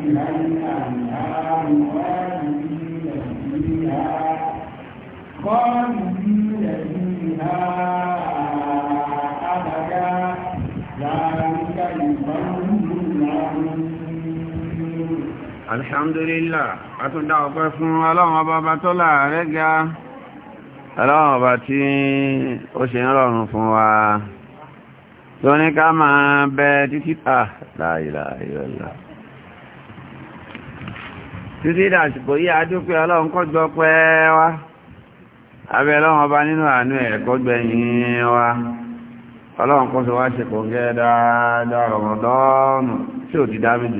Alhamdulillah. خالدين فيها خالدين فيها أبدا ذلك alhamdulillah fún ọlọ́run ọba ọba tó láàrẹ́ ga ọlọ́run ọba tí ó ṣe ń rọrùn fún wa tó ní ká máa bẹ títí pa ah, láìláìlọ́lá títí ìdàsìkò yí adúpẹ́ ọlọ́run kọjọ pẹ́ wá abẹ́ ọlọ́run ọba nínú àánú ẹ̀ kọgbẹ̀yìn wá ọlọ́run kọ́ sọ wá ṣe kò gẹ́ dáadáa rọ̀mọ̀dọ́nù tí ò ti dá méjì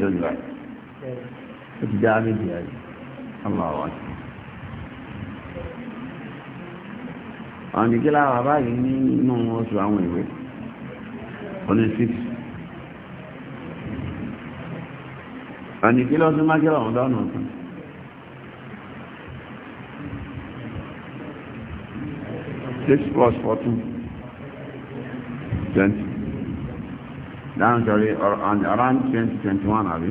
ti nínú oṣù àwọn ìwé àní kí lọ́dún má jẹ́ ọ̀rọ̀ lọ́nà ọ̀tún six plus four two twenty around twenty twenty one àbí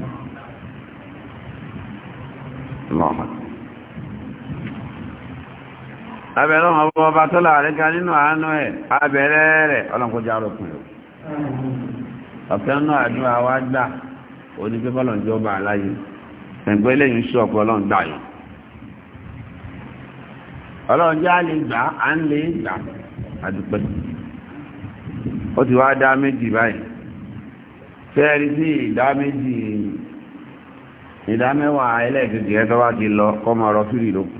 lọ́mọ. abẹ́rẹ́ ọmọ ọba tó láàrin nínú àánú ẹ̀ abẹ́rẹ́ rẹ̀ ọlọ́nkọjá rọ̀kùn ẹ̀ ọ̀fẹ́ àdúrà wá òní pé bọ́lọ̀n jọ bá aláyé ẹ̀gbẹ́ lẹ́yìn sí ọ̀pọ̀ ọlọ́run gbà yìí ọlọ́run jẹ́ àlè gbà á ń lè gbà àdúpẹ́ ó ti wá dá méjì báyìí fẹ́ẹ̀rí sí ìdá méjì ìdá mẹ́wàá ẹlẹ́ẹ̀kejì ẹ̀ tó wá ti lọ kọ́mọ ọ̀rọ̀ fírì lókù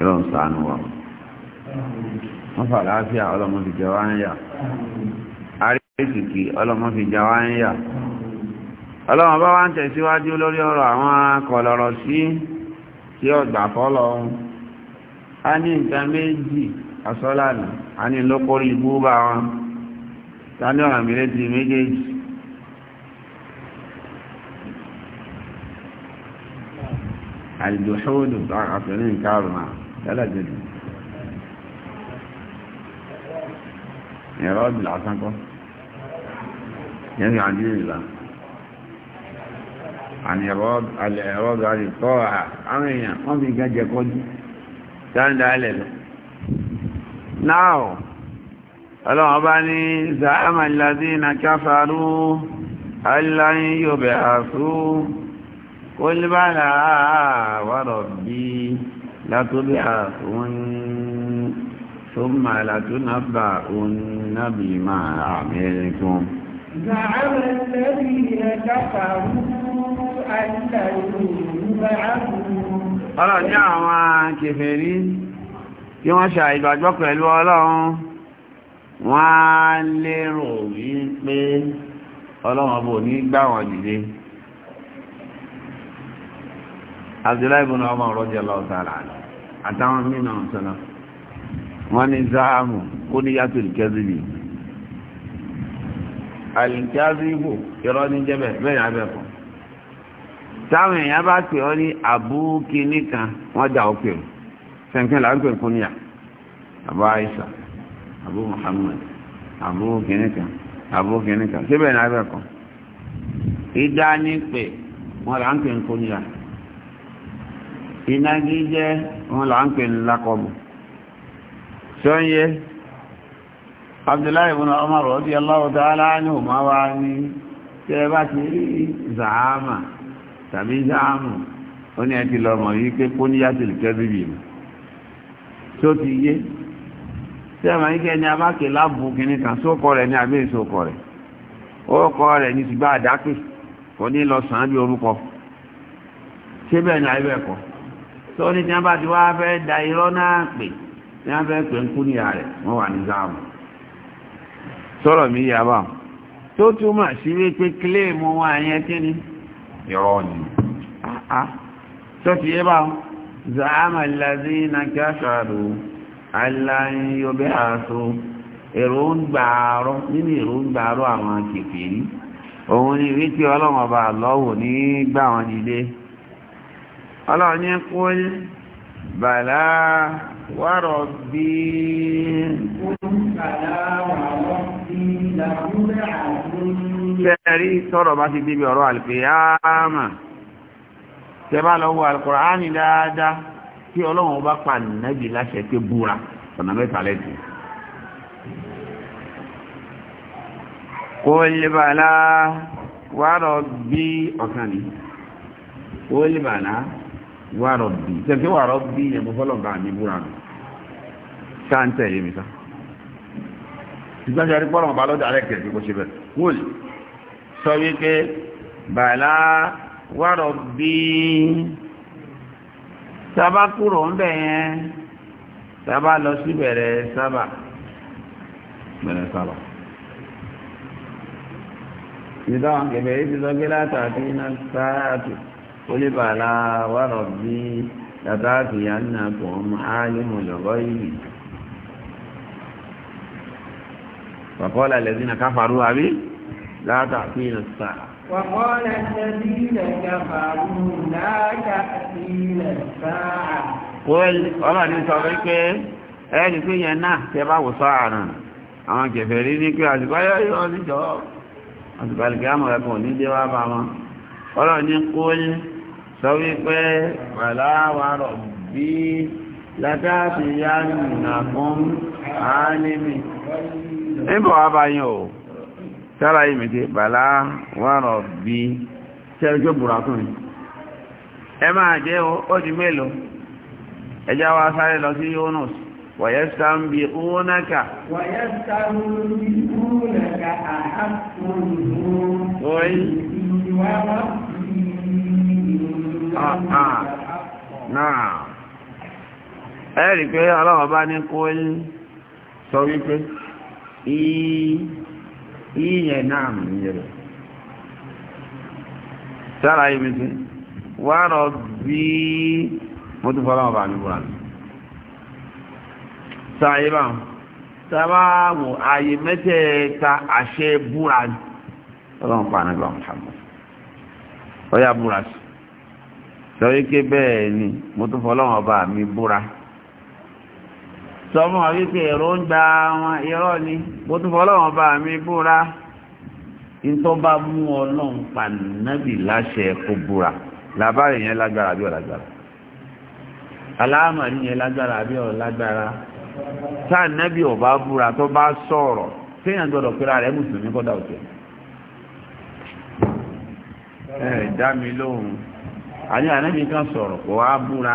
ìrọ̀nsánú wa wọ́n fà láàáfíà ọlọ́mọ ti jẹ wá ń yà ìsìkì ọlọ́mọ fi jà wá ń yà ọlọ́mọ bá wá ń tẹ̀síwájú lórí ọ̀rọ̀ àwọn kọlọ̀rọ̀ sí tí ọgbà fọ́lọ́ a ní nǹkan méjì asọ́lànà a ní lókórí ibú bá wọn ta ní ọ̀rọ̀ mìíràn ti méjèèjì àìdòṣòdò àfẹ́rin karùn-ún tẹ́lẹ̀dẹ̀dẹ̀ ẹ̀rọ ọdún lásán kan يعني عن دين الله عن إراد الإراد عن الطاعة عمينا ما في قد يكون كان دعاله نعم الله أباني زعم الذين كفروا هل لن يبعثوا قل بلى وربي لتبعثن ثم لتنبعن بما عملكم. زعم الذين كفروا أن لن يبعثوا ọlọ́run ní àwọn kèfèrí tí wọ́n ṣe àìgbàgbọ́ pẹ̀lú ọlọ́run wọ́n á lérò wípé ọlọ́run bò ní gbà wọ́n dìde Abdullahi ibn Umar radiyallahu ta'ala àtàwọn mìíràn sọ́nà wọ́n ní záàmù kó níyàtò ìkẹ́sìlì alìjáríbù irọ́ ní jẹ́bẹ̀ bẹ́ẹ̀ yà bẹ́ẹ̀ kọ́ táwọn èèyàn bá pè ọ́ ní àbúkí nìkan wọ́n dà ó pè ọ́ sẹ́ńkẹ́ là ń pè fún níyà àbá àìsà àbú Muhammad àbúkí nìkan àbúkí nìkan síbẹ̀ ní abẹ́ kọ́ ìdá ní pè wọ́n là ń pè fún níyà ìnagijẹ́ wọ́n là ń pè ní lákọ̀ọ́bù sọ́yẹ́ abdullahi ibn umar radiyallahu ta'ala anhuma wá ní tẹ́ bá ti rí zahama tàbí zahamu ó ní ẹtì lọ́mọ yìí pé kó ní yàtìlì kẹ́bíbì mi tó ti yé tẹ́ ẹ̀ máa ń kẹ́ ni abákè lábù kìnnì kan sókọ rẹ̀ ní abẹ́ ìsókọ rẹ̀ orúkọ rẹ̀ ní ṣùgbọ́n àdápè kò ní lọ sàn án bí orúkọ ṣé bẹ́ẹ̀ ni àyẹ̀wò ẹ̀kọ́ tó ní tí wọ́n bá ti wá fẹ́ da irọ́ náà pè tí wọ́n fẹ́ pè ń kú níyà rẹ̀ wọ́n wà ní záàmù sọ̀rọ̀ mi yà bá tó túmọ̀ sí wípé kílèmù wọn àyẹn kí ni ìrọ̀ ni tó ti yé bá zàámà lásì iná kí a ṣàrò aláyọ̀bẹ̀ àṣọ èròǹgbà àárọ̀ nínú èròǹgbà àárọ̀ àwọn kèfèrí òun ni wípé ọlọ́run ọba ní gbà wọn dìde ọlọ́run ní kú bàlá wàrọ̀ bíi. Tẹ́rí sọ́rọ̀ bá ti débi ọ̀rọ̀ àlùkìyámà. Tẹ bá lọ wo àlùkùránì dáadáa tí ọlọ́run bá pa nẹ́bì láṣẹ pé búra ọ̀nà mẹ́ta lẹ́tì. Kólébàlá wárọ̀ bí ọ̀kan ni. Kólébàlá wárọ̀ bí. Tẹ̀sí wárọ̀ bí ẹ̀mú fọ́lọ̀ bá mi búra nù. Ṣáà ń tẹ̀lé mi sáà ṣùgbọ́n ṣe rí pọ́lọ̀ ọba lọ́dọ̀ alẹ́ kẹ̀kẹ́ kó ṣe bẹ̀ wọ́n sọ wípé bàlá wàrọ̀ bí sábà kúrò ń bẹ̀ yẹn sábà lọ sí bẹ̀rẹ̀ sábà bẹ̀rẹ̀ sábà ìdáhùn kẹfẹ́ yìí ti sọ látàkì náà sáàtì ó lè bàlá wàrọ̀ bí látàkì yàn náà kò ń mú àálẹ́ mọ̀lọ́gọ́ yìí. وقال الذين كفروا أبي لا تأتينا الساعة وقال الذين كفروا لا تأتينا الساعة قل ọlọ́run ní sọ wípé ẹni tó yẹn náà tẹ bá wò sọ àrùn àwọn kẹfẹ́ rí ní pé àsìkò yóò yọ níjọ́ àsìkò àlùkẹ́ àmọ̀ ẹ̀kọ́ ní dé wá bá wọn ọlọ́run ní kúl sọ wípé pàláwárọ̀ bí látàfíyá nìyàkún ánímì níbọ̀ wá bá yín o sára yìí mẹ́tẹ́ bàlá wàrọ̀ bí sẹ́rí tó bùrà kùn ẹ máa jẹ́ ó di mélòó ẹjá wa sáré lọ sí yónus wọ̀yẹ́ sáńbì ónáka wọ̀yẹ́ sáńbì ónáka àhàkùn ìwọ̀n ẹ̀rí pé ọlọ́wọ́ bá ní kó yí sọ wípé ìyẹn náà mú yẹrẹ sára ibi tí wà rọ bí mo tún fọ́lá ọba mi búra sáyé bá sábà wò ààyè mẹ́tẹ̀ẹ̀ta àṣẹ búra ọlọ́run pa nígbà mọ̀ṣàmọ́ ọyá búra sí lọ́yẹ́kẹ́ bẹ́ẹ̀ ni mo tún fọ́lá ọba mi búra sọmọ wípé ẹ̀rọ ń gba wọn irọ́ ni bó tún fọlọ́wọ́n bá mi búra tó bá mú ọlọ́run pànábì láṣẹ kó búra làbárè yẹn lágbára bí ọ̀lágbára aláàmàrí yẹn lágbára bí ọ̀lágbára táà nábì ọ̀bá búra tó bá sọ̀rọ̀ téèyàn gbọ́dọ̀ pé ara rẹ̀ mùsùlùmí kọ́dà òkè ẹ̀ dá mi lóhùn àní ànábì kan sọ̀rọ̀ kò wá búra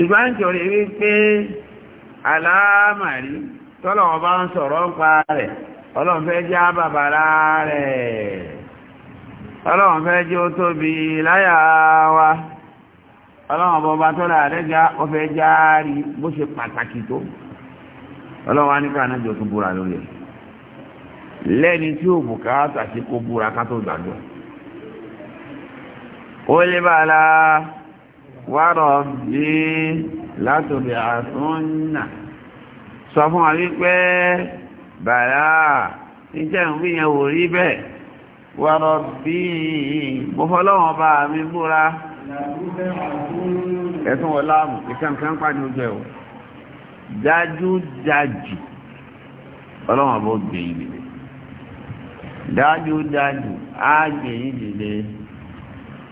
ṣùgbọ́n nítorí wípé aláàmàrí tọ́lọ̀wọ́ bá ń sọ̀rọ̀ ń pa rẹ̀ ọlọ́run fẹ́ jẹ́ àbàbàrá rẹ̀ ọlọ́run jẹ́ ó tóbi láyà wa ọlọ́run bọba ó bó ṣe pàtàkì wárọ̀ bí látòbí àtúnnà sọ fún wa wípé bàrá níjẹ́ ń wò rí bẹ́ẹ̀ wárọ̀ bí mo fọ́lọ́wọ́n bá mi búra ẹ̀tún wọ láàmù ìkẹ́ǹkẹ́ ń pàdé ojú ẹ̀ o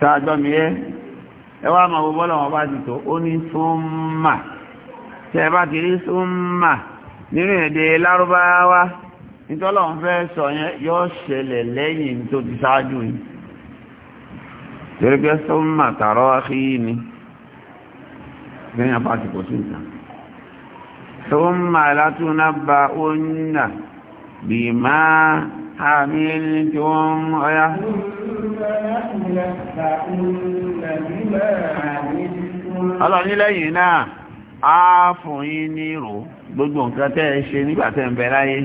sáàjọ́mi ẹ́ ẹwà máa wo bọ́lá wọn bá ti tó ó ní súnmà tẹ́ ẹ bá ti rí súnmà nínú èdè lárúbáwá nítọ́lọ̀ ń fẹ́ sọ yẹn yóò ṣẹlẹ̀ lẹ́yìn tó ti ṣáájú yìí torí súnmà tààrọ́ kí ni lẹ́yìn apáti sí nǹkan súnmà látúnábà ó ń nà bí máa عملتم غير ọlọ́ni lẹ́yìn náà á fún yín ní ìrò gbogbo nǹkan tẹ́ ṣe nígbà ń bẹ láyé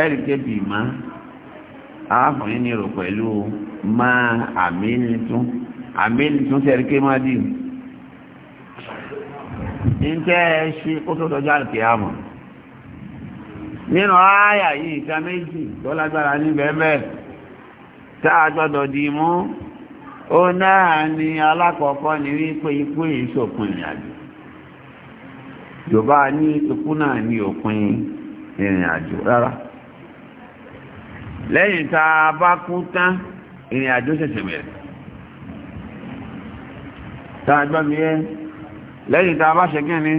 ẹ̀rì má fún ní ìrò pẹ̀lú ma àmìlítún àmìlítún tẹ́ dị má dì ní tẹ́ ṣe kó nínú ààyà yìí ìta méjì tó ní bẹ́ẹ̀bẹ́ tá gbọ́dọ̀ dì mú ó náà ni alákọ̀ọ́kọ́ ni wípé ikú yìí ṣòpin ìrìnàjò yorùbá ní ikú náà ní òpin ìrìnàjò rárá lẹ́yìn tá a bá kú tán ìrìnàjò ṣẹ̀ṣẹ̀ bẹ̀rẹ̀ tá a gbọ́ mi yẹn lẹ́yìn tá a bá ṣe kí ni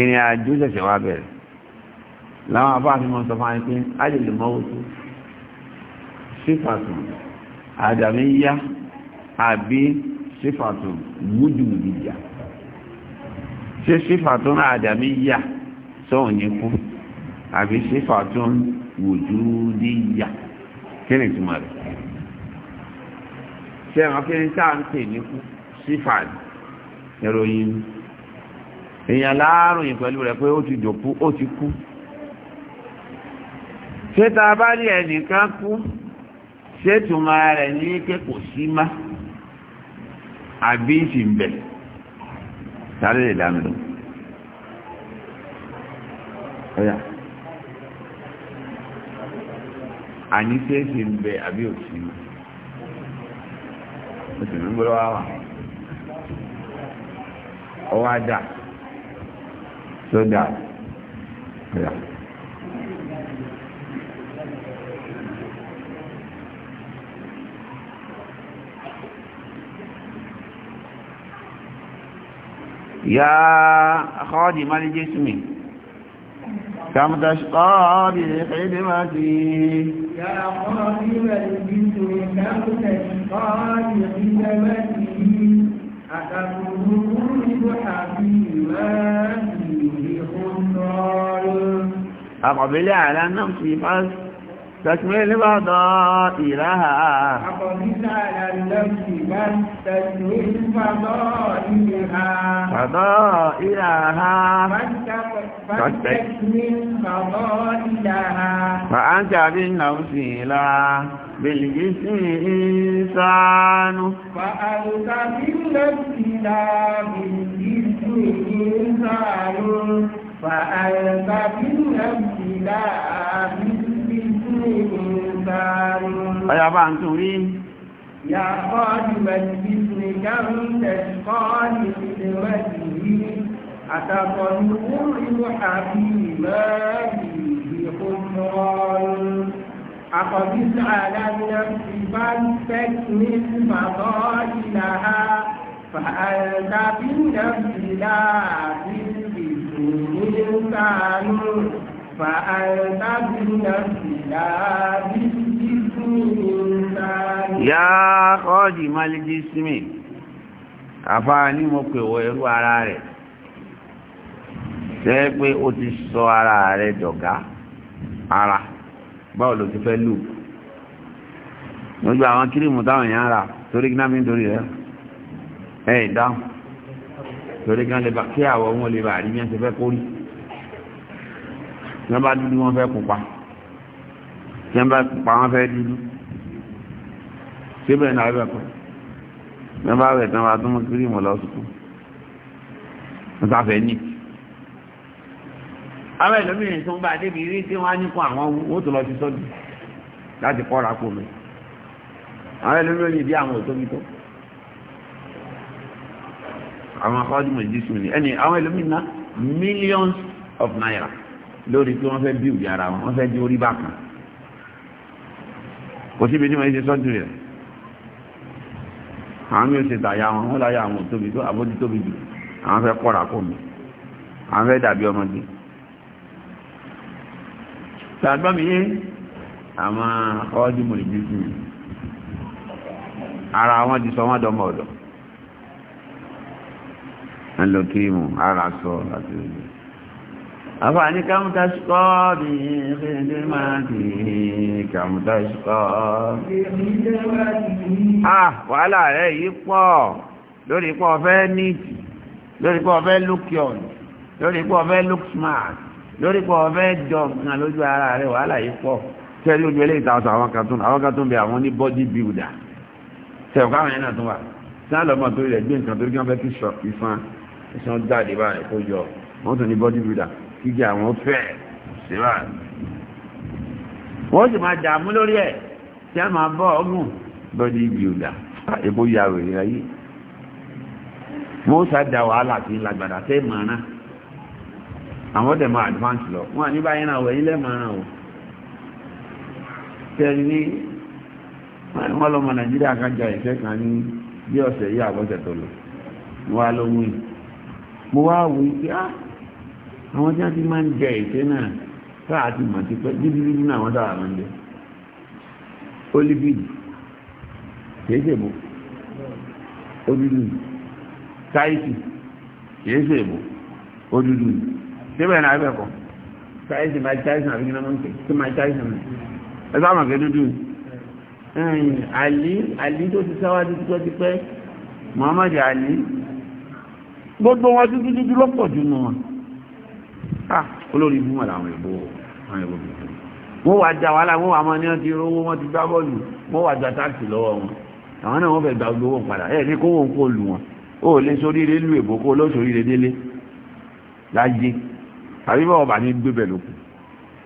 ìrìnàjò ṣẹ̀ṣẹ̀ wá bẹ̀rẹ̀ láwọn afáàfi mọ́ sọ fún àyíké alìlè mọ́wótó sífàtún àdàmíyá àbí sífàtún múdùmùdìyà ṣé sífàtún àdàmíyà sọ̀rọ̀ ní kú àbí sífàtún wùdúdìyà kí ni ìtumọ̀ rẹ̀ ṣé àwọn akéwìn tá à ń pè ní kú sífàtún ìròyìn èèyàn láàrùn pẹ̀lú rẹ̀ pé ó ti jòkú ó ti kú. ṣé tá bá ní ẹnìkan kú ṣé túmọ̀ rẹ̀ ní kò sí má àbí ìsì ń bẹ̀ sáré lè dámi lọ. ọ̀yà àní ṣé ìsì ń bẹ̀ àbí má ó sì ń wá يا خادم الجسم كم تشقى بخدمتي يا خادم الجسم كم تشقى بخدمتي أتمرني بحبيباتي خضرا أقبل على نفسي فاستقى تكمل فضائلها فقد على النفس من تكمل فضائلها فأنت بالنفس لا بالجسم إنسان فأنت بالنفس لا بالجسم إنسان فأنت بالنفس لا بالجسم إنسان أيابا أيوة، أنتم رين يا خادم الجسم كم تشقى لخدمته أتطلب الروح فيما فيه خسران أقبس على النفس فاستكمل فضائلها فأنت في النفس لا في الجسم إنسان Yá ọ́dì Málìkì Símì, àfáà ní mo pè wọ ẹrú ara rẹ̀, tẹ́ pé ó ti sọ ara rẹ̀ dọ̀gá ara, báwo ló ti fẹ́ lù. Lójú àwọn kírìmù táwọn èèyàn rà torí gíná mi torí rẹ̀. Ẹ ìdáhùn, torí gán lè bá kí àwọ̀ wọn lè bà rí ní tí wọ́n bá dúdú wọ́n fẹ́ pupa tí wọ́n bá pupa wọ́n fẹ́ dúdú síbẹ̀ náà bẹ̀ pẹ̀ tí wọ́n bá wẹ̀ tí wọ́n bá tún mú kírìmù lọ sùkú wọ́n bá fẹ́ ní. àwọn ẹlòmíràn tó ń bá débi rí tí wọ́n á nípa àwọn owó tó lọ sí sọ́dún láti kọ́ra kó mi àwọn ẹlòmíràn ní ìdí àwọn òtóbi tó àwọn akọ́dùmọ̀ ìdí sùn ní ẹni àwọn ẹlòmíràn millions of naira lórí pé wọ́n fẹ́ bí òbí ara wọn wọ́n fẹ́ di orí bákan kò síbi ní wọ́n ṣe sọ́jú rẹ̀ àwọn mi ò ṣe tàyà wọn wọ́n láyà àwọn tóbi tó àbójú tóbi jù àwọn fẹ́ kọ́ra kó mi àwọn fẹ́ dàbí ọmọdé tàgbọ́n mi yé àwọn ọdún mò lè bí sí mi ara wọn ti sọ wọn dọmọ ọdọ ẹ mu ara sọ àti ọdún àfààní kàmùtà ṣùkọ́ bí i ṣe máa ti kàmùtà ṣùkọ́ ah wàhálà rẹ̀ yìí pọ̀ lórí pọ̀ fẹ́ níìtì lórí pọ̀ fẹ́ look young lórí pọ̀ fẹ́ look smart lórí pọ̀ fẹ́ jọ̀ǹkan lójú ara rẹ̀ wàhálà yìí pọ̀ tẹ́lú ojú eléyìí tàwọn àwọn kan tún àwọn kan tún bẹ àwọn ní body builder tẹ̀wọ̀ káwọn yẹn náà tún wà sáà lọ́mọ torí rẹ̀ gbé nǹkan torí kí wọ́n fẹ́ kí ìsan ìsan jáde báyìí kó yọ wọ́n tún ní body builder kíjà àwọn fẹ́ síwá wọ́n sì máa dààmú lórí ẹ̀ tí a máa bọ́ ọgùn bọ́dí ibi òdà epo ya wèrè ayé wọ́n sá da wàhálà sí lágbàdà tẹ́ màánà àwọn ọdẹ máa advance lọ wọn à báyìí náà wẹ̀yìn lẹ́màánà o tẹ́lẹ̀ ní wọ́n lọ́mọ nàìjíríà kájà ìfẹ́ kan ní bí ọ̀sẹ̀ yìí àbọ̀sẹ̀ tó lọ wọ́n á lọ wí mo wá wí pé ah àwọn tí wọ́n ti máa ń jẹ ìṣe náà táà àti mọ̀ ti pẹ́ dídídí náà wọ́n dára máa ń jẹ olivine kìí ṣe èbó odúdú táìsì kìí ṣe èbó odúdú síbẹ̀ náà ẹgbẹ́ kọ táìsì máa táìsì àbí gíná mọ́ǹkì tí máa táìsì náà ẹ sáà mọ̀ kí dúdú àlí àlí tó ti sáwájú tipẹ́tipẹ́ Muhammad Ali gbogbo wọn dúdú dúdú lọ́pọ̀ jù nù wọn ah olórí mú àlà àwọn ìbò àwọn ìbò bìbò wọ́n wà já wàhálà wọ́n wà máa ní ọtí rówó wọ́n ti gbá bọ́ọ̀lù wọ́n wà já táàkì lọ́wọ́ wọn àwọn náà wọ́n fẹ́ gba gbowó padà ẹ̀ ní kó wọn kó lù wọn ó lè sórí ilé lù èbó kó lóṣòrí ilé délé láyé tàbí bọ́ọ̀ bà ní gbé bẹ̀ lókun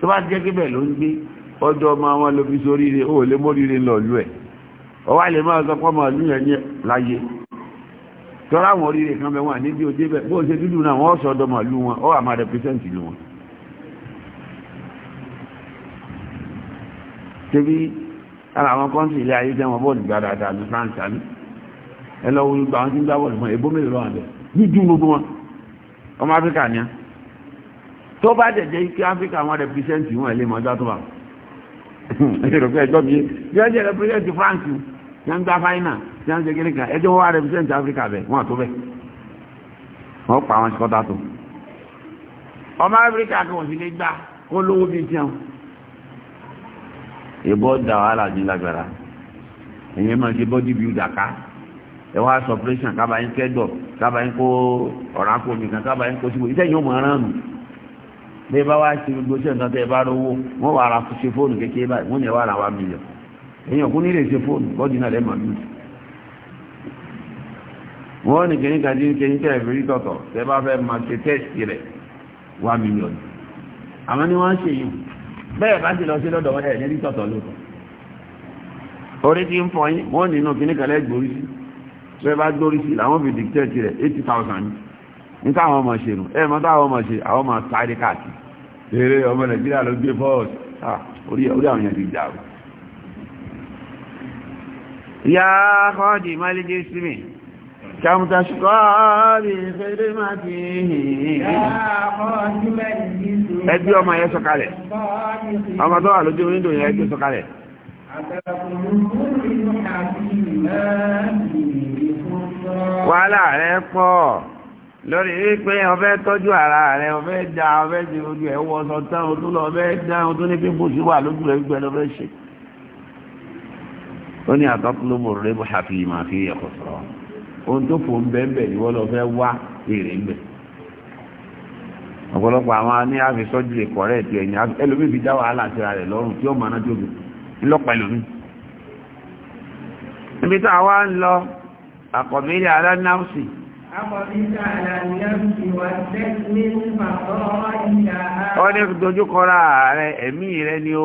tó bá jẹ́ gbé bẹ̀ ń gbé ọjọ́ ọmọ wọn ló fi sórí ilé ó lè mórí ilé lọ ẹ̀ ọwọ́ tọ́lá àwọn oríire kan bẹ́ẹ̀ wà níbi òjé bẹ́ẹ̀ bó ṣe dúdú náà wọ́n sọ ọdọmọ ìlú wọn ó wà máa rẹpẹsẹ̀ntì ìlú wọn. ṣebí ara àwọn kọ́ńtì ilé ayé jẹ́ wọn bọ́ọ̀lù gbà dáadáa ní France àmì ẹ lọ wo gbogbo àwọn tí ń gbá bọ́ọ̀lù fún ẹ bómi ìlú àbẹ dúdú gbogbo wọn ọmọ Áfíríkà ni tó bá dẹ̀jẹ̀ kí Áfíríkà wọn rẹpẹsẹ̀ntì wọn ẹ lè mọ ọjọ́ tó bá wọn. ẹ ṣe tí wọ́n ṣe kíní kan ẹjọ́ wọ́n wá represent Africa bẹ̀ wọ́n àtó bẹ̀ wọ́n pa àwọn ṣìkọ́tà tó ọmọ Africa kí wọ́n sì lè gbá kó lówó bíi tí wọn. ìbọn da wàhálà ní lágbára ẹ̀yẹ́ máa ṣe bọ́dí bíi dàka ẹ wá sọ pírẹ́sìn kábàáyín kẹ́dọ̀ kábàáyín kó ọ̀rá kó nìkan kábàáyín kó síbò ìtẹ́yìn ó mọ̀ ọ́n rán nù bẹ́ẹ̀ bá wá ṣe gbogbo ṣe nǹkan tẹ́ ẹ bá rówó wọ́n wà ra ṣe fóònù kékeré báyìí wọ́n ní ẹ wà ra wa mílíọ̀n èèyàn kún nílé ṣe fóònù bọ́dí náà lẹ́ẹ̀mọ̀ mílíọ̀n wọ́n ní kìíní kan dín kìíní kẹ́ ìfìrí tọ̀tọ̀ tẹ́ fẹ́ máa ṣe tẹ́sì rẹ̀ wá mílíọ̀nù àwọn ni wọ́n ń ṣe yìí bẹ́ẹ̀ bá sì lọ sí lọ́dọ̀ ẹ̀ ní tọ̀tọ̀ lóòótọ́ orí ti ń fọ yín wọ́n nínú kìíní kan lẹ́gbórí sí tẹ́ bá gbórí sí làwọn fi dìtẹ́ẹ̀tì rẹ̀ eight thousand ní táwọn ọmọ ṣe nù ẹ̀ mọ́ táwọn ọmọ ṣe àwọn ọmọ sáré káàkiri eré ọmọ nàìjíríà ló gbé bọ́ọ̀sì orí àwọn yẹn ti dà كم تشقى بخدمته ẹbí ọmọ yẹ sọ̀kalẹ̀ ọmọ tó wà lójú onídò yẹ ẹbí sọ̀kalẹ̀ wàhálà rẹ̀ pọ̀ lórí wípé ọfẹ́ tọ́jú ara rẹ̀ ọfẹ́ dá ọfẹ́ ti ojú ẹ̀ wọ́ sọ̀tán o tó lọ ọfẹ́ dá o tó ní pípò sí wà lójú rẹ̀ gbẹ́ lọ́fẹ́ ṣe ó ní àtọ́kùnlómò rẹ̀ bó ṣàfihàn fi ẹ̀kọ́ sọ̀rọ̀ ohun tó fò ń bẹ́ẹ̀ bẹ́ẹ̀ ni wọ́n lọ fẹ́ wá èrè ń bẹ̀ ọ̀pọ̀lọpọ̀ àwọn ní àfi sọ́jú lè kọ̀rẹ́ ti ẹ̀yìn ẹlòmíì fi dá wàhálà síra rẹ̀ lọ́rùn tí ó mọ̀ náà tó bi ńlọ́pàá ẹlòmíì. níbi tá a wá ń lọ àkọ́bí ilé ara náùsì. ó ní dojúkọ ra rẹ ẹ̀mí rẹ ni o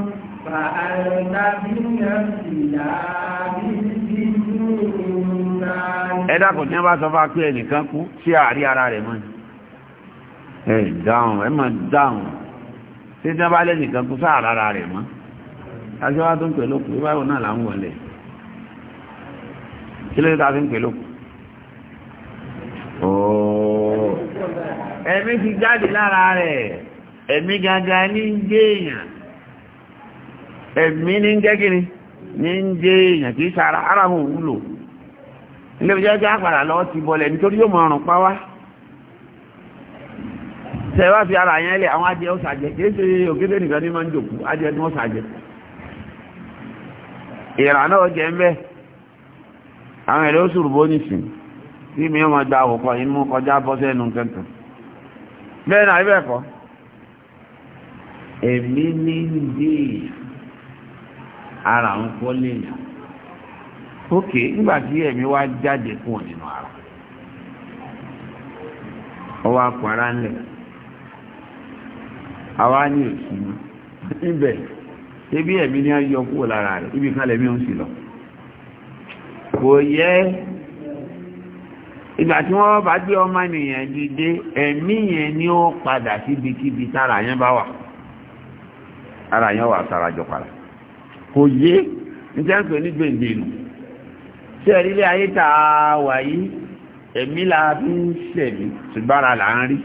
ẹ dákun tí wọ́n bá sọ fún akpé ẹnìkan kú sí àárí ara rẹ̀ mọ́ ẹ dáhùn ẹ mọ̀ dáhùn tí wọ́n bá lẹ́nìkan kú sáà ara rẹ̀ mọ́ aṣọ́wá tó ń pè lókù báwo náà là wọlé kí ló ta fi ń pè lókù ẹ̀mí ti jáde lára rẹ̀ ẹ̀mí gangan ní ń gbé èèyàn ẹ̀mí ní jẹ́ kí ni ní ń jẹ́ èèyàn ara mọ̀ ń ilé ìjọ jẹ́ ti bọ̀lẹ̀ nítorí yóò mọ̀ ọ̀rùn fi ara yẹn lẹ̀ àwọn adìẹ ó sàjẹ kì nìkan ní ń mi ọmọ gba àwòkọ inú kọjá bọ́ sẹ́nu bẹ́ẹ̀ náà ibẹ̀ kọ́ èmi ní ara ń kọ́ léèyàn ókè nígbà tí ẹ̀mí wá jáde kúrò nínú ara ọwọ́ akọ ara ńlẹ̀ àwa ní ebi ẹ̀mí ni a yọ rẹ̀ ibi kan lẹ́mí ń sì lọ kò yẹ ìgbà tí wọ́n bá gbé ọmọ ẹ̀mí yẹn ni ó padà ara yẹn wà sára jọ kò yé ní tí a ń pè ní gbèǹdéèlú tí ẹ̀rí ilé ayé tá a wà yìí ẹ̀mí la fi ń ṣẹ̀mí ṣùgbọ́n ara là ń rí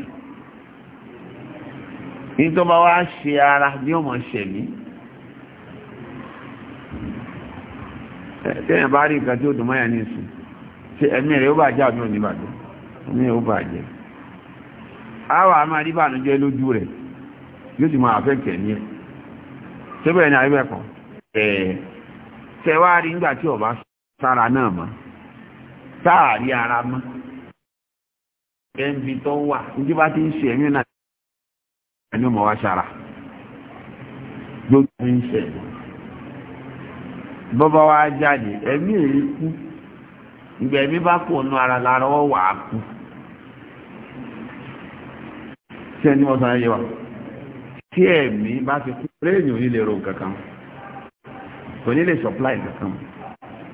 ní tó bá wá ṣe ara bí ọmọ ṣẹ̀mí tẹ́yìn bá rí nǹkan tí ó dùn mọ́yà ní ìsìn ṣe ẹ̀mí rẹ̀ ó bà jẹ́ àbí òní ẹ̀mí rẹ̀ ó bà jẹ́ àwà máa rí bànújẹ́ lójú rẹ̀ yóò sì máa àfẹ́ kẹ̀ ẹ̀ ṣébẹ̀ ni àríbẹ̀ kan ẹ̀ tẹwárí ńgbà tí ọba sára náà mọ́ sáàrí ara mọ́ ẹnbi tó wà níbi bá ti ń ṣe ẹ̀yìn náà ẹni ọmọ wa sára gbogbo ń ṣe bọ́bá wa jáde ẹ̀mí èyí kú ìgbà ẹ̀mí bá kò nu ara lára ọ wà á kú tí ẹni wọ́n sọ ayé wa tí ẹ̀mí bá ti kú lẹ́yìn òní lè ro kankan. kò ní lè supply kankan mọ́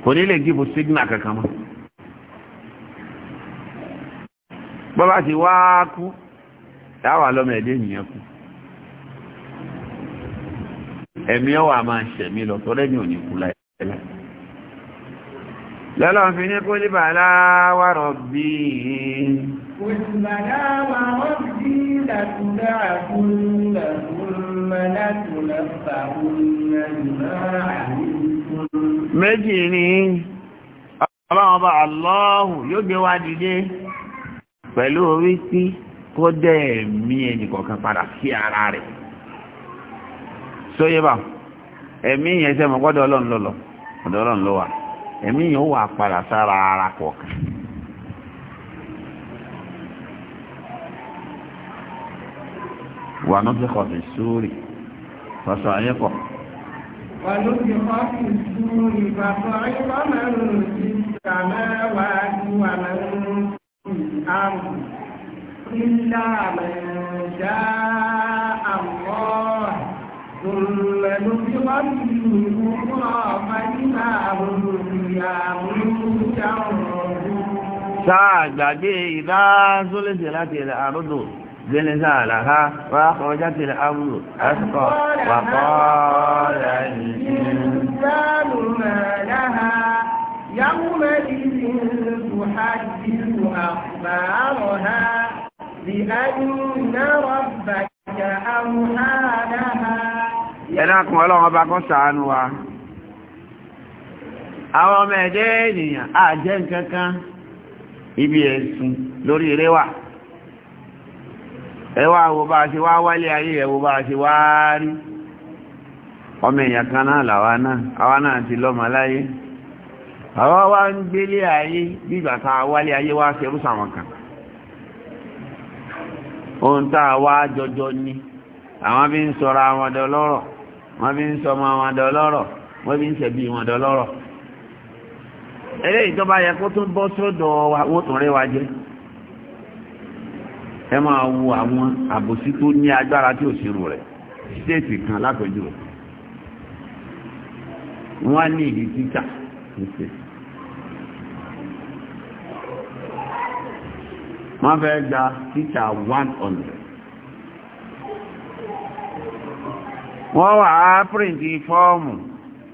kò ní lè give signal kankan mọ́ bọ́bá ti wá kú táwà lọ́mọ ẹ̀dẹ́ ènìyàn kú ẹ̀mí ọwà máa ṣẹ̀mí lọ tọ́lẹ́ ní òní kú láìpẹ́lẹ́ lọ́lọ́ fi ní kó líbà láwà rọ̀bí kò sì bà láwà rọ̀bí làkúlà àkúlù làkúlù méjì ni ọlọ́run ọba aláhù yóò gbé wá dìde pẹ̀lú orí kó dẹ̀ mí ẹnìkọ̀ọ̀kan padà sí ara rẹ̀ sóyébà ẹ̀mí yẹn sẹ́mọ̀ gbọ́dọ̀ ọlọ́run lọ́lọ́ ẹ̀mí ó wà padà sára ara kọ̀ọ̀kan ونفخ في السور فصعق ونفخ في السور فصعق من في السماوات ومن في الأرض إلا من شاء الله ثم نفخ فيه أخرى فإذا هم قيام ينظرون. sáà gbàgbé ìdá sólèsè láti زلزالها وأخرجت الأرض أسقى وقال الإنسان ما لها يومئذ تحدث أخبارها بأن ربك أوحى لها ẹ̀dàkùn ọlọ́run ọba kan ṣàánú wa àwọn ọmọ ẹ̀dẹ́ ènìyàn àjẹ́ nǹkankan ibi ẹ̀sùn lórí eré wà ẹwà wo bá ṣe wá wálé ayé ẹwò bá ṣe wá rí ọmọ èèyàn kan náà làwa náà àwa náà ti lọ́mọ láyé àwa wá ń gbélé ayé wálé ayé wá ṣe kan ohun tá a wá jọjọ ni àwọn bí ń sọra wọn dọlọ́rọ̀ bí ń sọmọ wọn dọlọ́rọ̀ bí ń ṣẹ̀bí wọn dọlọ́rọ̀ eléyìí tó bá yẹ kó ẹ máa wo àwọn àbòsí tó ní agbára tí ò sírò rẹ̀ stéètì kan lápẹjù rẹ̀ wọ́n á ní ìdí títà níṣẹ́ wọ́n fẹ́ gba títà one hundred wọ́n wà á píríǹtì fọ́ọ̀mù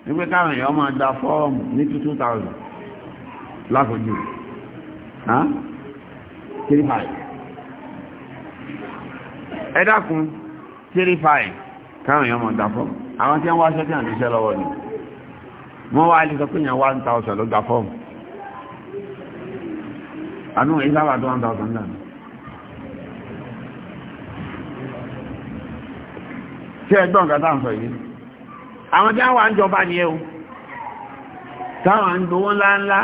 wípé káwọn èèyàn máa gba fọ́ọ̀mù ní two thousand lápẹjù rẹ̀ three five ẹ dákun tírí fáì káwọn èèyàn mọ̀ gbà fọ́ọ̀mù àwọn tí wọ́n wá sẹ́tì àníṣẹ́ lọ́wọ́ ni wọ́n wá lè sọ pé èèyàn one thousand ló gbà fọ́ọ̀mù àánú ìsábà tó one thousand náà tí ẹgbọ́n nǹkan tá à ń sọ yìí àwọn tí wọ́n wà ń jọba ni ẹ o táwọn ń gbowó ńláńlá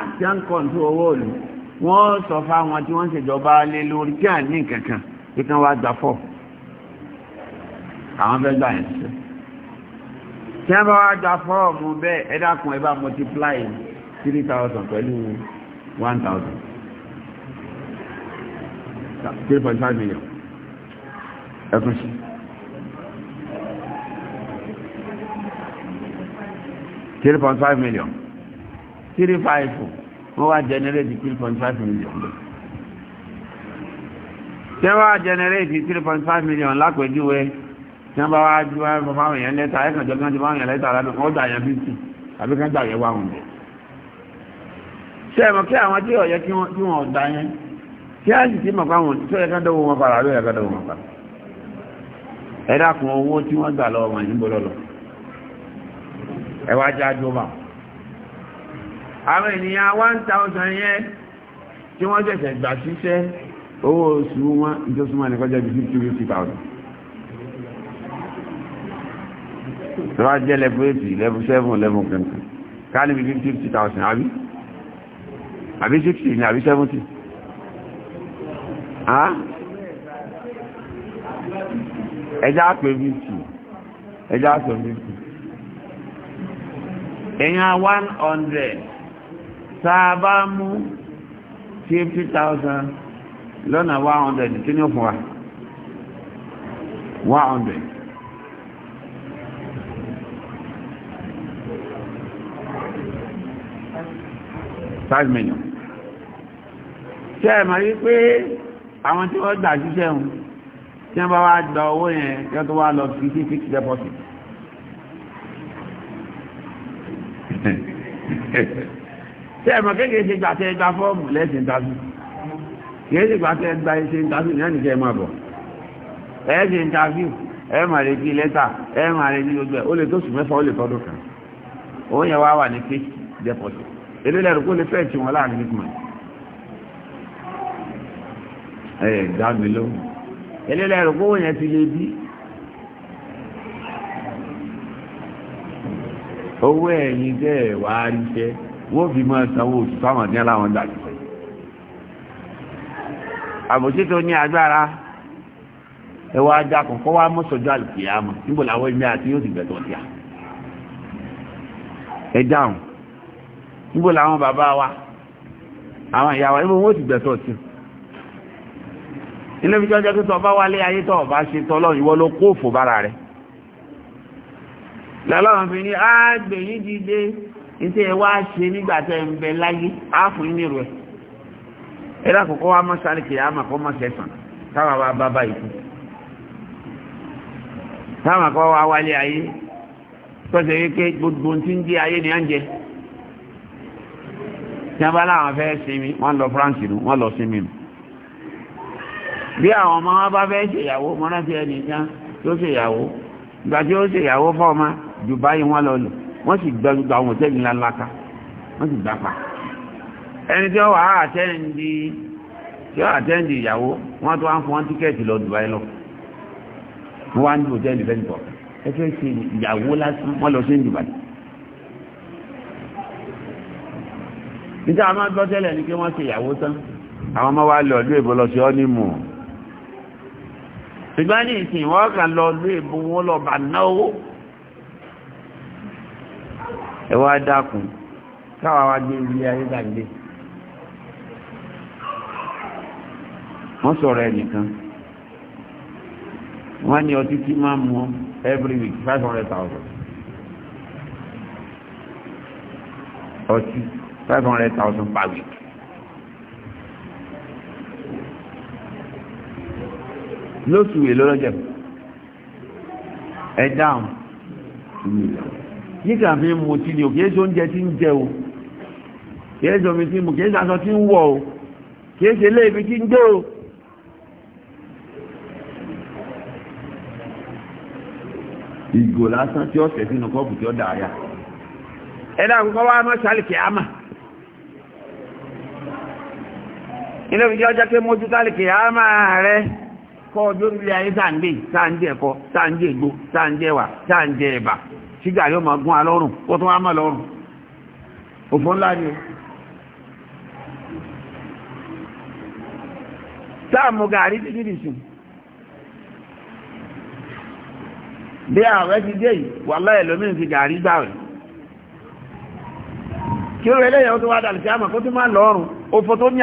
tí wọ́n ń àwọn fẹ́ gbà yẹn sí tí wọ́n bá wá gba fọ́ọ̀mù bẹ́ẹ̀ ẹ ẹ bá multiply three pẹ̀lú one million ẹkùn sí. three point five million three five wọ́n wá generate three million lọ tẹ́wàá generate three point five million tí wọ́n bá wá ju wọn bá wọn yẹn lẹ́tà ẹ̀ kàn jọ kí wọ́n ti bá wọn yẹn lẹ́tà lábẹ́ wọ́n dà yẹn bí tì àbí kàn dà yẹn wá wọn bẹ̀. ṣé ẹ mọ̀ kí àwọn tí ọ̀yẹ́ kí wọ́n dà yẹn kí á sì ti mọ̀ pé àwọn tó yẹ ká dọ́wọ́ wọn padà ló yẹ ká dọ́wọ́ wọn padà. ẹ dákun owó tí wọ́n gbà lọ́wọ́ wọn níbo lọ́lọ́ ẹ wá já jó bá àwọn ènìyàn one thousand yẹn tí wọ́n ṣẹ̀ṣẹ̀ gbà síṣẹ́ owó oṣù wọn ìjọsùnmọ́ nìkan jẹ́ bí fifty fifty thousand. tó bá jẹ́ level ètì lẹ́bù sẹ́fún lẹ́bù kankan ká níbi fifty thousand àbí àbí sixty ni àbí seventy ẹjá pé fifty ẹjá pé fifty èèyàn one hundred tá mú fifty thousand lọ́nà one hundred kí ni ó fún wa one hundred. five million ṣe ẹ̀ mọ̀ wípé àwọn tí wọ́n gbà ṣiṣẹ́ wọn tí wọ́n bá wá gba owó yẹn kí wọ́n tó wá lọ sí fixed deposit ṣe ẹ̀ mọ̀ kéèkéé ṣe gbà tẹ́ gba fọ́ọ̀mù lẹ́sìn ìtàzù kìí ṣe gbà tẹ́ gba iṣẹ́ ìtàzù ní ẹnìkẹ́ ẹ̀ máa bọ̀ ẹ̀ ṣe ìtàzù ẹ̀ máa retí lẹ́tà ẹ̀ máa retí gbogbo ẹ̀ ó lè tó sùn mẹ́fà ó lè tọ́dún kan òun yẹn wá wà ní fixed deposit eléyìí ẹ̀rù kó lè fẹ́ tí wọn láàrin nígbà ẹ̀ dá mi lóhùn eléyìí ẹ̀rù kó yẹn ti lè bí owó ẹ̀yìn jẹ́ ẹ̀wà àríṣẹ́ wọ́n fi máa sanwó oṣù fáwọn ní aláwọn dàjú àbòsítò ní agbára ẹwà ajá kan kọ́ wá mọ́sọ̀jọ́ àlùkìyàmọ̀ níbo làwọn ẹgbẹ́ àti yóò ti bẹ̀tọ̀ sí ẹ dáhùn níbo làwọn bàbá wa àwọn ìyá wa níbo wọ́n ti gbẹ̀tọ̀ tí ilé fi jọ́jọ́ kíkọ́ bá wálé ayé tọ́ ọ̀bá ṣe tọ́lọ́ ìwọ ló kó òfò bára rẹ̀ lọ́lọ́run fi ní àgbè yín dìde iṣẹ́ wá ṣe nígbà ń bẹ láyé àáfún yín nírú ẹ̀ ẹ lákòókò wa mọ́ sáré kìí àmà kọ́ mọ́ sẹ́sàn táwọn bá bá bá ikú táwọn kọ́ wa wálé ayé tọ́sẹ̀ wípé gbogbo ohun tí ń ni à tí wọ́n bá láwọn fẹ́ sinmi wọ́n lọ France nù wọ́n lọ sinmi nù bí àwọn ọmọ wọn bá fẹ́ ṣèyàwó mọ́ rántí ẹnì kan tó ṣèyàwó ìgbà tí ó ṣèyàwó fọ́ọ̀mà jù báyìí wọ́n lọ lò wọ́n sì gbẹ gbogbo àwọn òtẹ́ẹ̀lì ńlá ńlá ká wọ́n sì gbà pa ẹni tí ó wà á àtẹ́ǹdì tí ó àtẹ́ǹdì ìyàwó wọ́n tó wá ń fún wọn tíkẹ́ẹ̀tì lọ Dubai lọ wọ́n wá ń dùn òtẹ́ẹ̀lì fẹ́ǹtọ̀ ẹ fẹ́ ṣe ìyàwó lásán wọ́n lọ sí Dubai níta a máa gbọ́ tẹ́lẹ̀ ní kí wọ́n ṣe ìyàwó tán àwọn ọmọ wa lọ ọdún èbó lọ sí ọ́ní mù ṣùgbọ́n ní ìsìn wọ́n kàn lọ ọdún èbó wọn lọ bà náwó ẹ wá dákun káwa wá gbé ilé ayé gbàgbé wọ́n sọ̀rọ̀ ẹnìkan wọ́n ní ọtí tí máa mú every week five hundred thousand ọtí five week. lóṣù èlò lọ́jẹ̀ ẹ dáhùn fi ń mutí ni ò kìí ṣe oúnjẹ tí ń jẹ o kìí ṣe omi tí ń mu kìí ṣe tí ń wọ̀ o kìí ṣe léèmí tí ń gbé o. ìgò lásán tí ó tẹ̀ sínú kọ́ọ̀bù tí ó dà á ẹ̀dá àkọ́kọ́ wa mọ́ sálì kìí ilé ìjọ jẹ́ pé mójú tálìkì a máa rẹ kọ́ ọjọ́ orílẹ̀ ayé sáàndé sáàndé ẹ̀kọ́ nje ègbò sáàndé ẹ̀wà sáàndé ẹ̀bà ṣígà yóò máa gún alọ́rùn kó tó wá lọ́rùn ńlá ni sáàmù gàrí ti dìdì sùn bí ààrẹ ti dé yìí wà láì lómi ti gàrí kí ó lẹ́yìn ó tó wá dàlùkí kó tó má lọ́rùn tó ní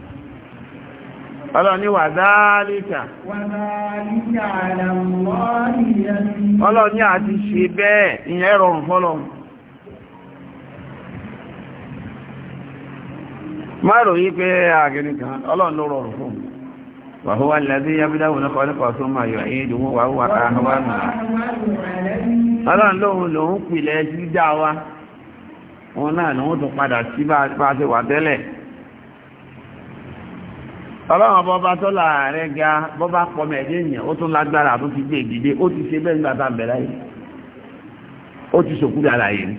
ọlọ́ni wà dáálíkà ọlọ́ni àti ṣe bẹ́ẹ̀ ìyẹn rọrùn fọ́lọ́ márùn yí pé àgìrí kan rọrùn fún wàhúwà lẹ́bí yábídáwò ní kọ́lẹ́kọ́ tó máa yọ èyí ìdúnwò wàhúwà náà a ọlọ́run bọ́ba tó láàárẹ̀ ga bọ́ba pọ̀mọ̀ ẹ̀dẹ́ ènìyàn ó tún lágbára tó ti gbé ìdílé ó ti ṣe bẹ́ẹ̀ nígbà tá à ń bẹ̀rẹ̀ ayé ó ti sòkú dára yìí ni.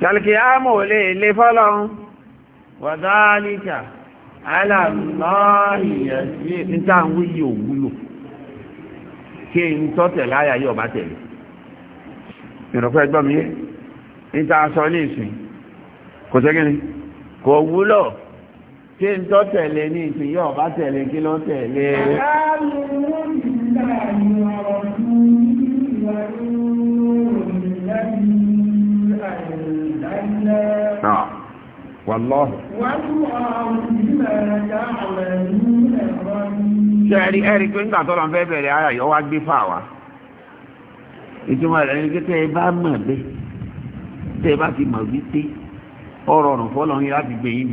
kàlùkì ámò lè lè fọ́lọ́run wàdálíkà aláàlọ́ọ̀hì ẹ̀sìn níta ń wí òwúlò kí n tọ́ tẹ̀lé ayà yìí tẹ̀lé. ìrọ̀pẹ́ ẹgbọ́n mi níta sọ ní ìsìn kò sẹ́gẹ́ni kò wúlò. ṣé ń tọ́ tẹ̀lé ní ìsìn yóò bá tẹ̀lé kí ló tẹ̀lé. Wàlọ́hù. Ṣé ẹ̀rí ẹ̀rí pé nígbà tó lọ fẹ́ bẹ̀rẹ̀ ara yọ wá gbé fà wá? rẹ̀ ní kíkẹ́ ẹ bá mọ̀ bẹ́ẹ̀. Tẹ́ bá ti mọ̀ wípé ọ̀rọ̀ ọ̀rùn fọ́lọ́rin láti gbé yín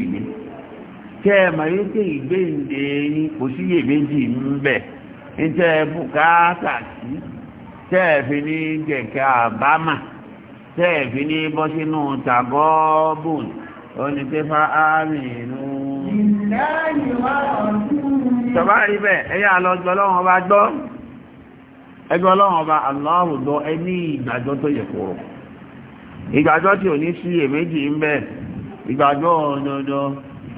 tẹ́ ẹ mọ̀ yín pé ìgbéǹde yín kò sí iyèméjì ń bẹ̀ ń tẹ́ ẹ bùkátà sí tẹ́ ẹ fi ní jẹ̀kẹ́ àbámà tẹ́ ẹ fi ní bọ́ sínú tàgọ́bùn onípẹ́fà ámì inú. tọ́ba rí bẹ́ẹ̀ ẹ̀yà lọ́jọ́ ọlọ́run ọba gbọ́ ẹgbẹ́ ọlọ́run ọba aláwọ̀ gbọ́ ẹ ní ìgbàjọ́ tó yẹ kúrò ìgbàjọ́ tí ò ní sí iyèméjì ń bẹ̀ ìgbàjọ́ ọ̀dọ́dọ́.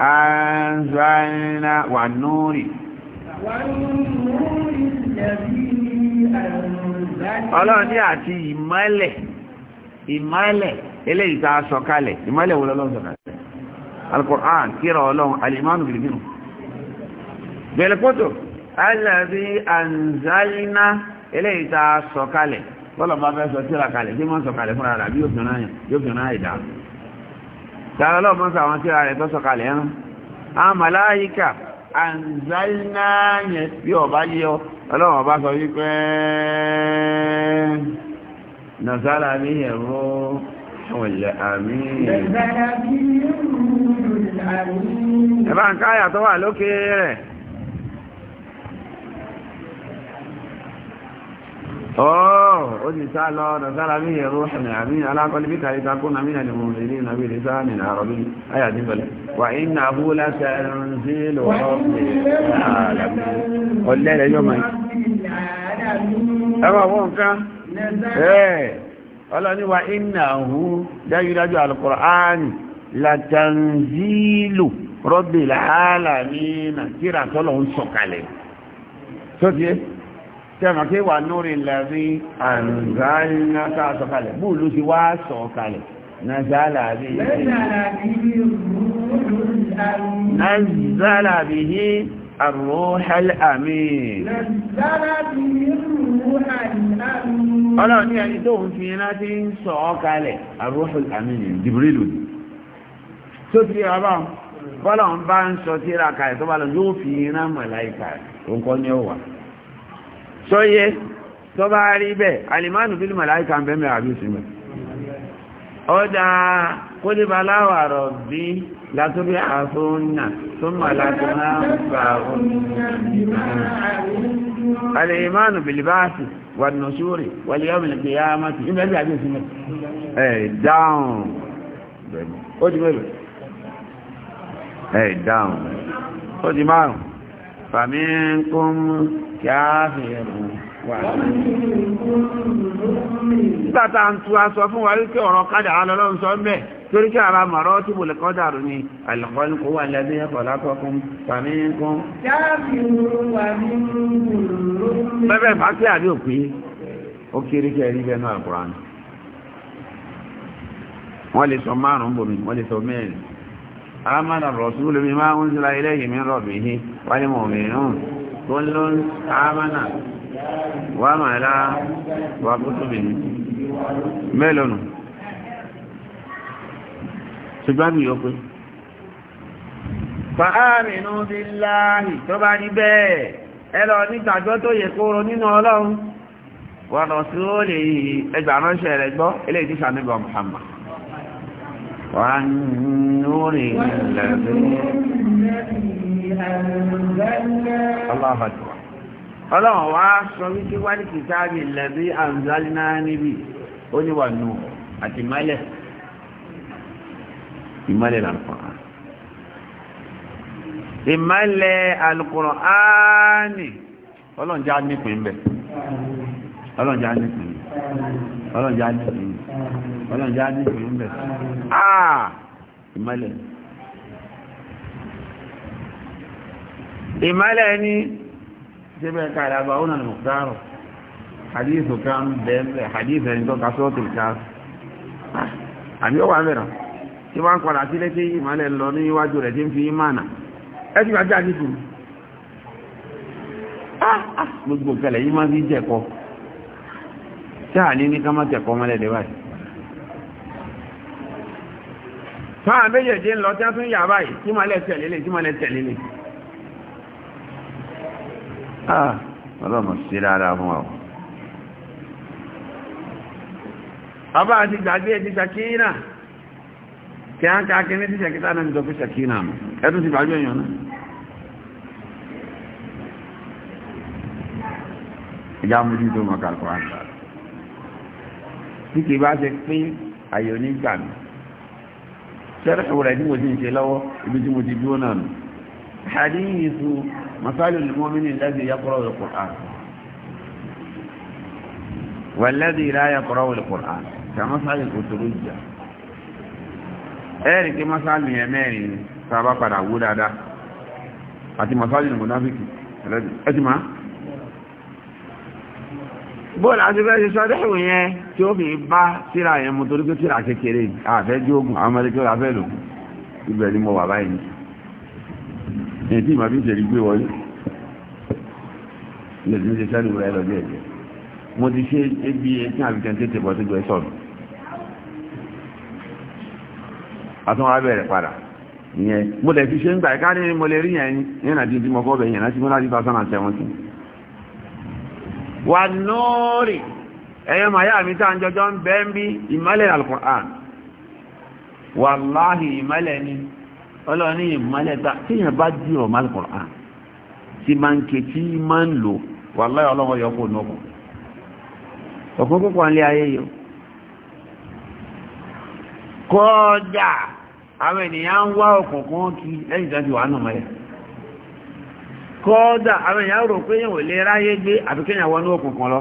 أنزلنا wà núrì ọlọ́run ní àti ìmọ́lẹ̀ ìmọ́lẹ̀ eléyìí tá a sọ kalẹ̀ ìmọ́lẹ̀ wo lọ́lọ́run sọ kalẹ̀ al-Qur'an kíra ọlọ́run al-imanu bilibinu bẹ̀lẹ̀kọ́tò alẹ́bí anzalina eléyìí tá a sọ kalẹ̀ bọ́lọ̀ bá fẹ́ sọ tíra kalẹ̀ tí wọ́n sọ fúnra rà tààrà ọlọ́run mọ́sà àwọn tí ààrẹ tọ́sọ̀ kalẹ̀ ẹ̀rùn àwọn màláyíkà àǹzáìnáyẹ̀ bí ọba yíyọ ọlọ́run ọba sọ wípé nàzàlà ní ẹ̀rọ ọ̀lẹ̀ àmì Oh, ó ti sá lọ nàzára mí ẹ̀rọ ṣẹlẹ̀ àmì alákọ̀ọ́lẹ̀ bíkà ìta kó nàmí ẹ̀lẹ̀ mọ̀ lè ní nàbí lè sá nìlà àrọ̀ bí ayà ti bẹ̀lẹ̀ wà iná abúlé láti ẹ̀rùn sí lò ọ̀lẹ́rẹ̀ yọ máa ẹwà wọ́n ká ẹ̀ ọlọ́ni wa iná hù dájúdájú alukọ̀rọ̀ánì latanzilu rọ́bìlá àlàmì nàìjíríà tọ́lọ̀ ń sọ̀kalẹ̀ sọ́tí tẹ́mà kí wà lórí lẹ́rí àǹzáàlá káà sọ̀kalẹ̀ bú ló ti wá sọ̀kalẹ̀ nàzàlà bí nàzàlà bí i àrùhàl àmì ọlọ́run ní ẹni tó ń fi iná tí ń sọ̀kalẹ̀ àrùhàl àmì jìbìrìlù tó ti ọba bọ́lọ̀ ń bá ń sọ tíra kalẹ̀ tó bá lọ yóò fi iná màláìkà òǹkọ́ ní ọwà sọ́yé tó bá rí bẹ́ẹ̀ alìmánù bí màláìkà ń bẹ́mẹ̀ àbíṣì mẹ́ ọdá kó ní baláwà rọ̀ bí látúbí àfúnnà tó màláìkà ń fà alìmánù bí libáàsì wà nùsúrì wà lẹ́yọ́mìnì bí ẹ̀ dáhùn ó ti márùn-ún فمنكم كافر Bàtà ń tú aṣọ fún wa wípé ọ̀rọ̀ kádà alọ́lọ́run sọ torí kí ara màrọ́ tí bò lè kọ́ dàrú ni àlùkọ́ ní wà lẹ́bí ẹ̀kọ́ látọ́kún tàbí Bẹ́bẹ̀ bá kí àrí òpé ó kéré kí ẹ̀rí bẹ́ẹ̀ náà Wọ́n lè sọ márùn-ún bòmí, wọ́n lè sọ mẹ́rin amana rasulu bima unzila ilayhi min rabbih wal mu'minun kullun amana wa mala wa kutubi mélòó ṣùgbọ́n mi yóò pé fàámìnú bí láàáì tó bá ní bẹ́ẹ̀ ẹlọ nígbàjọ́ tó yẹ kóró nínú ọlọ́run wọ̀nà sí ó lè ẹgbàránṣẹ́ rẹ̀ gbọ́ eléyìí tí sàmìbọ̀ Muhammad والنور الذي الله أكبر ọlọ́run wá sọ wípé wá ní kìtàbí lẹ́bí àǹzálínà ìmọ́lẹ̀ ìmọ́lẹ̀ lànàkùnrin ìmọ́lẹ̀ alùkùránì bẹ̀ ọlọ́run ọlọ́njẹ́ á ní ìṣòro ń bẹ̀ áà ìmọ́lẹ̀ ìmọ́lẹ̀ ní síbẹ̀ ká ìlàgbà ó nàlùmọ̀ kárọ̀ hadith kan bẹ̀ẹ̀bẹ̀ hadith ẹni tó ká sọ́ọ̀tì káàsì àbí ó wà bẹ̀rẹ̀ tí wọ́n ń padà sílé tí ìmọ́lẹ̀ lọ ní iwájú rẹ̀ tí ń fi ìmọ̀nà ẹ ti gbàjá àdíkù gbogbo kẹlẹ̀ yìí máa fi jẹ̀kọ́ tí à ní ní ká má jẹ̀kọ́ mọ́lẹ̀ dẹ̀ táwọn méjèèjì ń lọ tí wọ́n tún yà báyìí tí máa lẹ́ tẹ̀lé lè tí máa lẹ́ tẹ̀lé lè. ọlọ́mọ sí dáadáa fún wa o. ọba àti gbàgbé ti ṣàkínà kí á ń ká kí ní ti ṣàkítà náà nítorí ṣàkínà mọ̀ ẹ̀tún ti gbàgbé èèyàn náà. ìjà mú sẹ́rẹ̀kù rẹ̀ tí mo ti ń ṣe lọ́wọ́ ibi tí mo ti dúró náà nù hadithu masalu lmomini lẹ́dí yakọ̀rọ̀ wẹ̀ kùrán wà lẹ́dí ilá yakọ̀rọ̀ wẹ̀ kùrán ṣe masalu padà wú dáadáa àti masalu lmọ̀náfíkì ẹ̀lẹ́dí ẹ̀tì máa bóòlù àti bẹ́ẹ̀ ṣe sọ́dẹ́wò yẹn tí ó fi bá síra yẹn mú torí pé síra kékeré àfẹ́ jí ogun àwọn mẹ́rin kí ó ra fẹ́ lò ibẹ̀ ni mo wà báyìí èyí tí ìmọ̀ fi ń ṣe rí gbé wọlé ní ìdí ṣe sẹ́nu rẹ lọ díẹ̀ díẹ̀ mo ti ṣe ebi etí àbíkan tètè bọ́ sígbẹ́ sọ̀rọ̀ àtúnwá bẹ̀rẹ̀ padà ìyẹn mo lè fi ṣe ń gbà ká ní mo lè rí yẹn ní nàìjíríà tí mo kọ́ bẹ̀ yẹn láti mọ́ láti 2017 wà nóòrì ẹ̀yọ́ màyá mi tá à ń jọjọ́ ń bẹ́ ń bí ìmọ́lẹ̀ alukur'an wàláhì ìmọ́lẹ̀ ni ọlọ́ni ìmọ́lẹ̀ ta tíyàn bá dì ọ̀ mọ́ alukur'an tí máa ń ké tí máa ń lò wàláhì ọlọ́wọ́ yọ kọ́ọ́dà àwọn èèyàn rò pé yẹn ò lè ráyé gbé àbí kéèyàn wọnú òkùnkùn lọ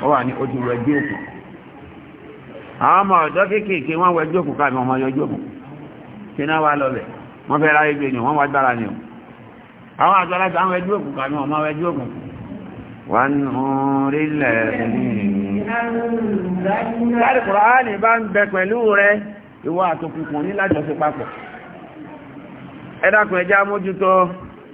wọ́n wà ní ojú ẹgbẹ́ òkùn àwọn ọmọ ọ̀dọ́ kéékèèké wọ́n wọ ẹgbẹ́ òkùn káàmì ọmọ yọjú òkùn kí náà wà lọ́bẹ̀ wọ́n fẹ́ ráyé gbé ni wọ́n wá gbára ni Awọn àwọn ala ẹjá mójútó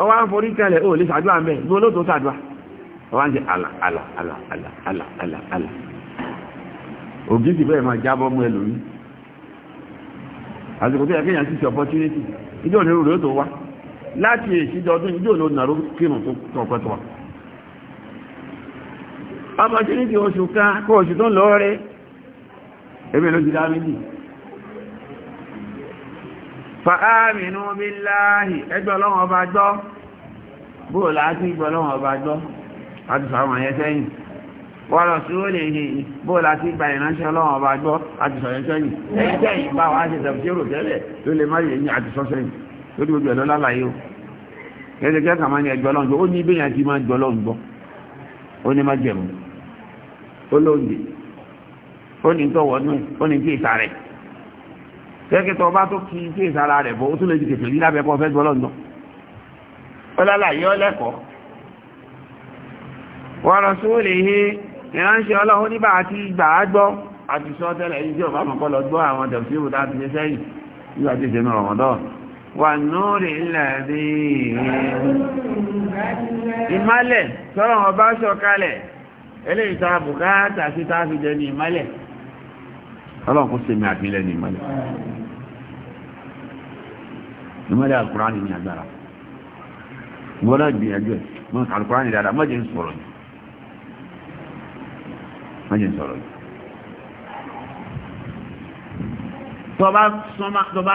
ọwá ń forí kẹlẹ̀ ó lè sàdúrà mẹ́ ní olóòtú sàdúrà ọwá ń jẹ àlà àlà àlà àlà àlà àlà àlà ògidì bẹ́ẹ̀ máa jábọ́ mú ẹlòmí àsìkò tó yẹ kéèyàn ti ṣe opportunity ijó ní rúurú tó wá láti èsì ọdún ijó ló nàró kírun tó tọpẹtọ opportunity oṣù ká kó oṣù tó ń lọ rẹ èmi ló ti dá méjì fàámìnú bí láàáhì ẹgbẹ́ ọlọ́wọ́n ọba gbọ́ bóò láti gbọ́ ọlọ́wọ́n ọba gbọ́ láti sọ àwọn ẹ̀yẹ sẹ́yìn wọ́n lọ sí ó lè hì bóò láti gba ìránṣẹ́ ọlọ́wọ́n ọba gbọ́ láti sọ ẹ̀yẹ sẹ́yìn ẹ̀yẹ sẹ́yìn bá wá ṣe tẹ̀fùtérò tẹ́lẹ̀ ó ní ibẹ̀ tẹ́kẹ́ tó bá tó kí fèé sára rẹ̀ bọ́ ó tún lè di kèfèrí lábẹ́ kọ́ fẹ́ gbọ́ lọ́nà ọlọ́láyé ọlẹ́kọ̀ọ́ wọ́n rọ sí òlè ihe ìránṣẹ́ ọlọ́run nígbà àti ìgbà àgbọ́ àti sọ tẹ́lẹ̀ tí ọba ọlọ́run kó ṣe mi àbílẹ̀ ní ìmọ̀lẹ̀ ìmọ̀lẹ̀ alukurani ní agbára gbọ́dọ̀ gbìyànjú ẹ̀ mọ alukurani dáadáa mọ̀jẹ̀ ń sọ̀rọ̀ yìí mọ̀jẹ̀ ń sọ̀rọ̀ yìí tọba sọma tọba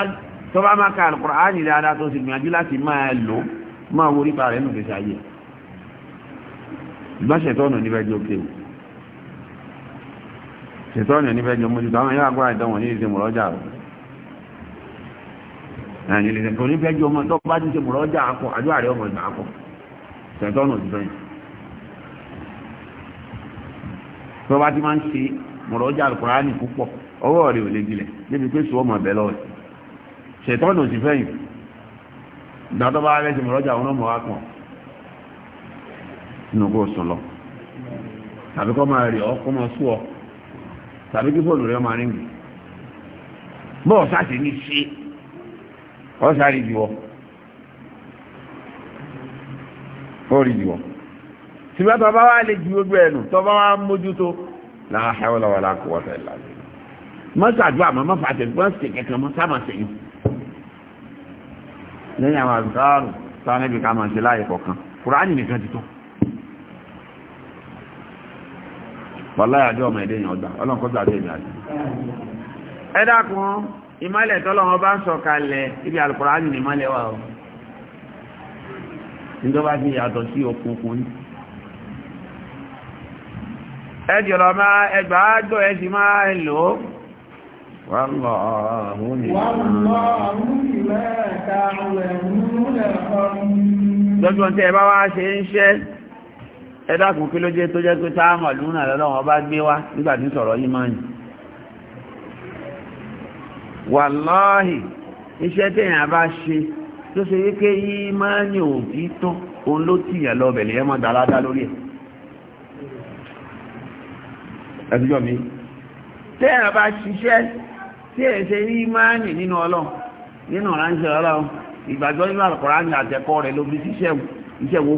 tọba máa ka alukurani dáadáa tó ṣe gbìyànjú láti máa lò máa wo rẹ̀ nù fèsì ayé ìgbàsẹ̀ tọ́nù níbẹ̀ jẹ́ òkè ṣètọ́nì onífẹ́ jọ mójútó àwọn yóò agbára ìdánwò ní ìṣe mọ̀rọ́jà rẹ̀ ẹ̀yìn lè ṣètò onífẹ́ jọ ọmọ tọ́pọ̀ bá ti ṣe mọ̀rọ́jà akọ àdúrà rẹ̀ ọmọ ìgbà akọ ṣètọ́nì òṣìṣẹ́ yìí tó bá ti máa ń ṣe mọ̀rọ́jà tàbí kí fóònù rẹ̀ máa ríngì bọ́ọ̀ sáàtì ní ṣe ọ́ sáré jùwọ́ ó rí jùwọ́ ṣùgbọ́n tó bá wá lè ju gbogbo ẹ̀nu tó bá wá mójútó la hawla wala quwwata illa billah mọ́sàdúrà àmọ́ mọ́fà tẹ̀ gbọ́n sì kẹ̀kẹ́ mọ́ sáàmà sẹ́yìn lẹ́yìn àwọn àbùkárù táwọn ẹbí ká máa ṣe láàyè kọ̀ọ̀kan kùránì nìkan ti tó wàláyàjọ́ ọmọ ẹ̀dẹ́ èèyàn ọgbà ọlọ́nkọ́gbà tó èmi àti ẹ dákun ìmọ́lẹ̀ tọ́lọ́wọ́ bá ń sọ̀kalẹ̀ ibi Al-Kùránì ní ìmọ́lẹ̀ wà ó níjọba fi yàtọ̀ sí okùnkùn ní ẹjì ọ̀rọ̀ máa ẹgbà ájọ́ ẹ sì máa lò ó wọ́n ẹ̀dàkùn kí ló jẹ́ tó jẹ́ pé táàmà lúnà lọ́wọ́ bá gbé wá nígbàtí sọ̀rọ̀ yìí máa yìí wàláhì iṣẹ́ ṣe tó ṣe wípé yìí máa ní òbí tán òun ló tì lọ bẹ̀lẹ̀ ẹmọ dáadáa lórí ẹ̀ ṣe máa nínú nínú ọ̀ránṣẹ́ nínú àtẹ̀kọ́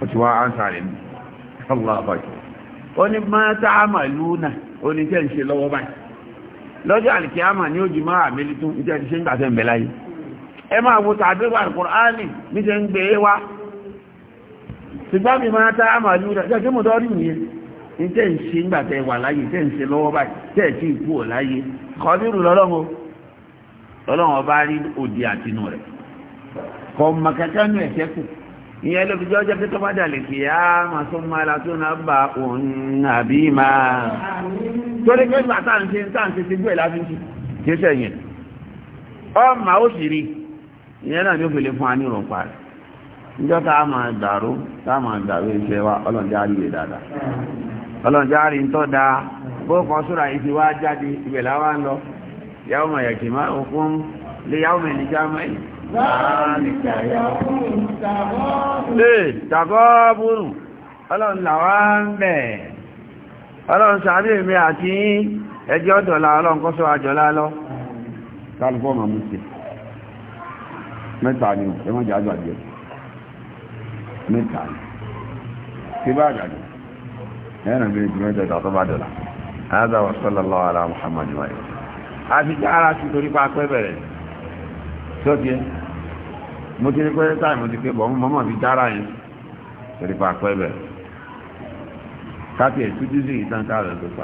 ó ti wá ánsà rẹ̀ ọlọ́ àbájọ ó ní máa tá a máa lù náà ó ní tẹ́ ń ṣe lọ́wọ́ báyìí lọ́jọ́ àlìkí àmà ní òjì máa àmìlì tún ìjẹ́ ìṣẹ́ ń gbàtẹ́ ẹ máa wo tàbíwà Al-Qur'ani ní ṣe ń gbé e wá ṣùgbọ́n mi máa tá àmà ní òjì àjẹ́ mọ̀dọ́rí nìyẹn ní ìyẹn ló fi jẹ́ ọjọ́ pé tó bá dàlẹ̀ kì á máa tó máa la tó náà bá òun àbí máa torí pé ìgbà tá à ń ṣe tá à ń ṣe ti gbé láti ń ṣe kì í sẹ́yìn ọmọ ó sì rí ìyẹn náà ló fi lè fún wa ní ìrọ̀pá rẹ̀ níjọ́ tá a máa dàrú tá a máa dàrú iṣẹ́ wa ọlọ́njẹ́ á rí lè dáadáa ọlọ́njẹ́ á rí ń tọ́ da bó kan sóra yìí ti wá jáde ìbẹ̀lá wa ń lọ yàwó mọ̀ yàtì òkun lè yàwó mẹ́lì já tàgọ́bùrù ọlọ́run làwá ń bẹ̀ ọlọ́run sàárè mi àti ẹjẹ́ ọ̀dọ̀lá ọlọ́run kọ́ sọ àjọ́lá lọ tàbíkọ́ ma mú sí mẹ́ta ni ẹwọ́n jẹ́ àjọ́jẹ́ mẹ́ta ni tí bá àjọ́jẹ́ ẹ̀rùn bí i mẹ́ta tó bá dọ̀lá هذا وصلى الله على محمد وآله mo ti rí pé táìmù ti pé bọ̀ mọ́ mọ́ fi dára yín torí pa pẹ́ bẹ̀ káfíẹ̀ tújú sí ìtàn káàrọ̀ tó pa